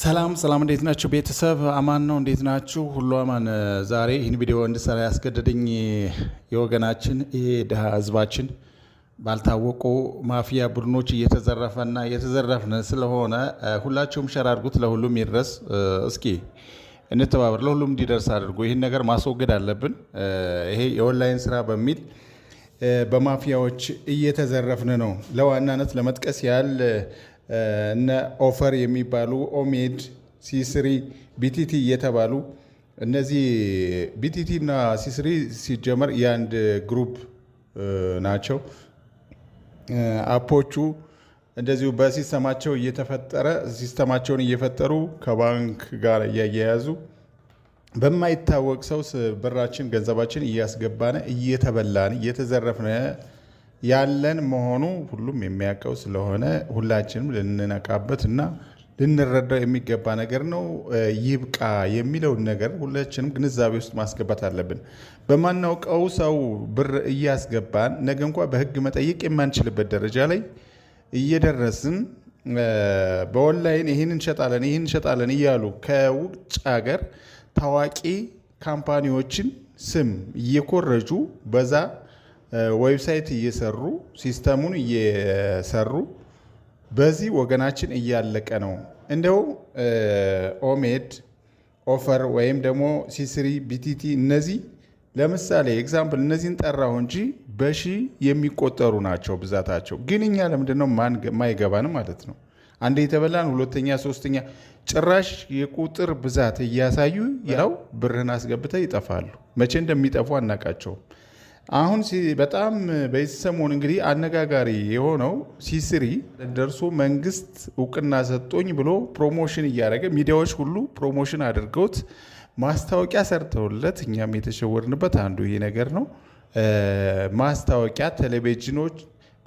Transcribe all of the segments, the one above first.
ሰላም ሰላም፣ እንዴት ናችሁ ቤተሰብ? አማን ነው። እንዴት ናችሁ? ሁሉ አማን። ዛሬ ይህን ቪዲዮ እንድሰራ ያስገደደኝ የወገናችን ይሄ ድሃ ህዝባችን ባልታወቁ ማፊያ ቡድኖች እየተዘረፈና እየተዘረፍን ስለሆነ ሁላችሁም ሸር አድርጉት፣ ለሁሉም ይድረስ። እስኪ እንተባበር፣ ለሁሉም እንዲደርስ አድርጉ። ይህን ነገር ማስወገድ አለብን። ይሄ የኦንላይን ስራ በሚል በማፊያዎች እየተዘረፍን ነው። ለዋናነት ለመጥቀስ ያህል እነ ኦፈር የሚባሉ ኦሜድ ሲስሪ ቢቲቲ እየተባሉ እነዚህ ቢቲቲ እና ሲስሪ ሲጀመር የአንድ ግሩፕ ናቸው። አፖቹ እንደዚሁ በሲስተማቸው እየተፈጠረ ሲስተማቸውን እየፈጠሩ ከባንክ ጋር እያያያዙ በማይታወቅ ሰው ብራችን ገንዘባችን እያስገባነ እየተበላን እየተዘረፍነ ያለን መሆኑ ሁሉም የሚያውቀው ስለሆነ ሁላችንም ልንነቃበት እና ልንረዳው የሚገባ ነገር ነው። ይብቃ የሚለውን ነገር ሁላችንም ግንዛቤ ውስጥ ማስገባት አለብን። በማናውቀው ሰው ብር እያስገባን ነገ እንኳ በሕግ መጠየቅ የማንችልበት ደረጃ ላይ እየደረስን በኦንላይን ይህን እንሸጣለን ይህን እንሸጣለን እያሉ ከውጭ ሀገር ታዋቂ ካምፓኒዎችን ስም እየኮረጁ በዛ ዌብሳይት እየሰሩ ሲስተሙን እየሰሩ በዚህ ወገናችን እያለቀ ነው። እንደው ኦሜድ ኦፈር ወይም ደግሞ ሲስሪ ቢቲቲ እነዚህ ለምሳሌ ኤግዛምፕል እነዚህን ጠራሁ እንጂ በሺ የሚቆጠሩ ናቸው ብዛታቸው። ግን እኛ ለምንድነው ነው ማይገባን ማለት ነው። አንዴ የተበላን ሁለተኛ፣ ሶስተኛ ጭራሽ የቁጥር ብዛት እያሳዩ ያው ብርህን አስገብተ ይጠፋሉ። መቼ እንደሚጠፉ አናቃቸውም አሁን በጣም በዚህ እንግዲህ አነጋጋሪ የሆነው ሲስሪ ደርሶ መንግስት እውቅና ሰጦኝ ብሎ ፕሮሞሽን እያደረገ ሚዲያዎች ሁሉ ፕሮሞሽን አድርገውት ማስታወቂያ ሰርተውለት እኛም የተሸወርንበት አንዱ ይሄ ነገር ነው። ማስታወቂያ ቴሌቪዥኖች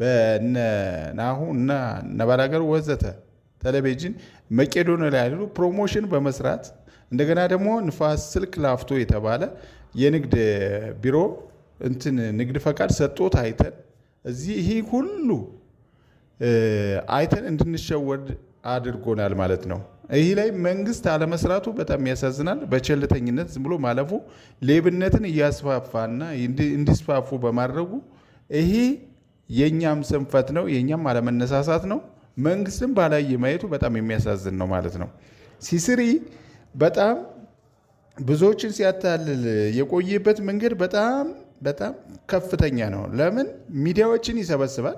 በነናሁ እና ነባራገር ወዘተ ቴሌቪዥን መቄዶንያ ላይ ያሉ ፕሮሞሽን በመስራት እንደገና ደግሞ ንፋስ ስልክ ላፍቶ የተባለ የንግድ ቢሮ እንትን ንግድ ፈቃድ ሰጥቶት አይተን እዚህ ይሄ ሁሉ አይተን እንድንሸወድ አድርጎናል ማለት ነው። ይህ ላይ መንግስት አለመስራቱ በጣም ያሳዝናል። በቸልተኝነት ዝም ብሎ ማለፉ ሌብነትን እያስፋፋና እንዲስፋፉ በማድረጉ ይሄ የእኛም ስንፈት ነው፣ የእኛም አለመነሳሳት ነው። መንግስትም ባላየ ማየቱ በጣም የሚያሳዝን ነው ማለት ነው። ሲስሪ በጣም ብዙዎችን ሲያታልል የቆየበት መንገድ በጣም በጣም ከፍተኛ ነው። ለምን ሚዲያዎችን ይሰበስባል።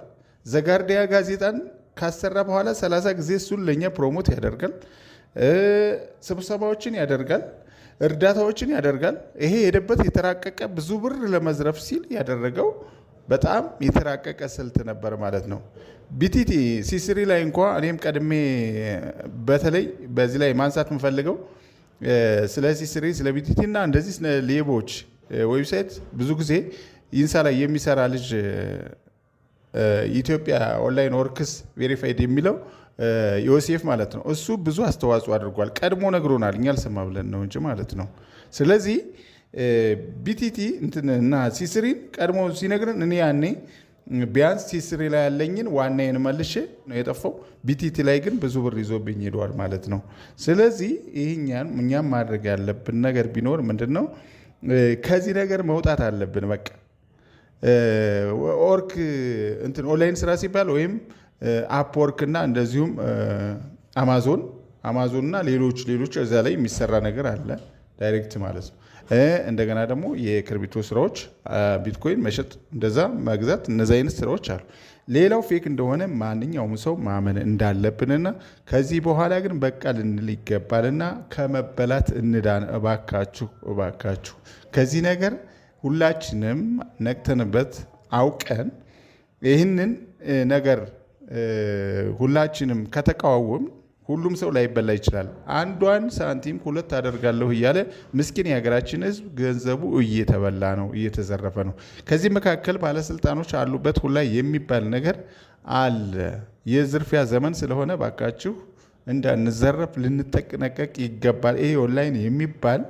ዘጋርዲያ ጋዜጣን ካሰራ በኋላ 30 ጊዜ እሱን ለእኛ ፕሮሞት ያደርጋል። ስብሰባዎችን ያደርጋል። እርዳታዎችን ያደርጋል። ይሄ ሄደበት የተራቀቀ ብዙ ብር ለመዝረፍ ሲል ያደረገው በጣም የተራቀቀ ስልት ነበር ማለት ነው። ቢቲቲ ሲስሪ ላይ እንኳ እኔም ቀድሜ በተለይ በዚህ ላይ ማንሳት የምፈልገው ስለ ሲስሪ ስለ ቢቲቲ እና እንደዚህ ሌቦች ዌብሳይት ብዙ ጊዜ ኢንሳ ላይ የሚሰራ ልጅ ኢትዮጵያ ኦንላይን ወርክስ ቬሪፋይድ የሚለው ዮሴፍ ማለት ነው። እሱ ብዙ አስተዋጽኦ አድርጓል። ቀድሞ ነግሮናል፣ እኛ አልሰማ ብለን ነው እንጂ ማለት ነው። ስለዚህ ቢቲቲ እና ሲስሪን ቀድሞ ሲነግርን እኔ ያኔ ቢያንስ ሲስሪ ላይ ያለኝን ዋናዬን መልሼ ነው የጠፋው። ቢቲቲ ላይ ግን ብዙ ብር ይዞብኝ ሄደዋል ማለት ነው። ስለዚህ ይህኛን እኛም ማድረግ ያለብን ነገር ቢኖር ምንድን ነው ከዚህ ነገር መውጣት አለብን። በቃ ኦርክ እንትን ኦንላይን ስራ ሲባል ወይም አፕ ወርክ እና እንደዚሁም አማዞን አማዞን እና ሌሎች ሌሎች እዛ ላይ የሚሰራ ነገር አለ ዳይሬክት ማለት ነው። እንደገና ደግሞ የክርቢቶ ስራዎች ቢትኮይን መሸጥ፣ እንደዛ መግዛት፣ እነዚ አይነት ስራዎች አሉ። ሌላው ፌክ እንደሆነ ማንኛውም ሰው ማመን እንዳለብንና ከዚህ በኋላ ግን በቃ ልንል ይገባልና ከመበላት እንዳን። እባካችሁ እባካችሁ ከዚህ ነገር ሁላችንም ነቅተንበት አውቀን ይህንን ነገር ሁላችንም ከተቃወም ሁሉም ሰው ላይበላ ይችላል። አንዷን ሳንቲም ሁለት አደርጋለሁ እያለ ምስኪን የሀገራችን ህዝብ ገንዘቡ እየተበላ ነው፣ እየተዘረፈ ነው። ከዚህ መካከል ባለስልጣኖች አሉበት ሁላ የሚባል ነገር አለ። የዝርፊያ ዘመን ስለሆነ ባካችሁ እንዳንዘረፍ ልንጠነቀቅ ይገባል። ይሄ ኦንላይን የሚባል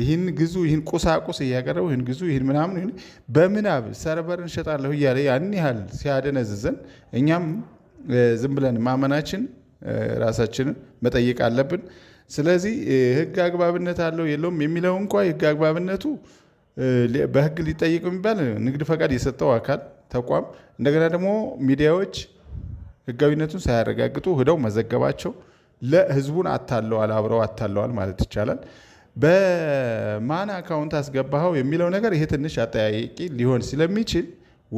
ይህን ግዙ፣ ይህን ቁሳቁስ እያቀረቡ ይህን ግዙ፣ ይህን ምናምን በምናብ ሰርቨር እንሸጣለሁ እያለ ያን ያህል ሲያደነዝዘን እኛም ዝም ብለን ማመናችን ራሳችንን መጠየቅ አለብን። ስለዚህ ህግ አግባብነት አለው የለውም የሚለው እንኳ የህግ አግባብነቱ በህግ ሊጠይቅ የሚባል ንግድ ፈቃድ የሰጠው አካል ተቋም፣ እንደገና ደግሞ ሚዲያዎች ህጋዊነቱን ሳያረጋግጡ ሂደው መዘገባቸው ለህዝቡን አታለዋል፣ አብረው አታለዋል ማለት ይቻላል። በማን አካውንት አስገባኸው የሚለው ነገር ይሄ ትንሽ አጠያቂ ሊሆን ስለሚችል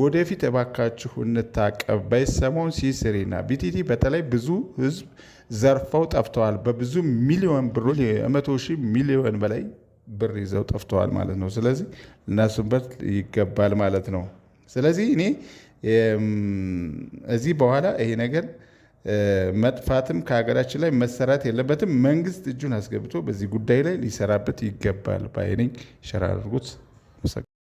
ወደፊት እባካችሁ እንታቀብ። በሰሞኑ ሲሲሪና ቢቲቲ በተለይ ብዙ ህዝብ ዘርፈው ጠፍተዋል። በብዙ ሚሊዮን ብሮች የመቶ ሺህ ሚሊዮን በላይ ብር ይዘው ጠፍተዋል ማለት ነው። ስለዚህ ልናስብበት ይገባል ማለት ነው። ስለዚህ እኔ እዚህ በኋላ ይሄ ነገር መጥፋትም ከሀገራችን ላይ መሰራት የለበትም። መንግስት እጁን አስገብቶ በዚህ ጉዳይ ላይ ሊሰራበት ይገባል። ባይነኝ ሸራ አድርጉት።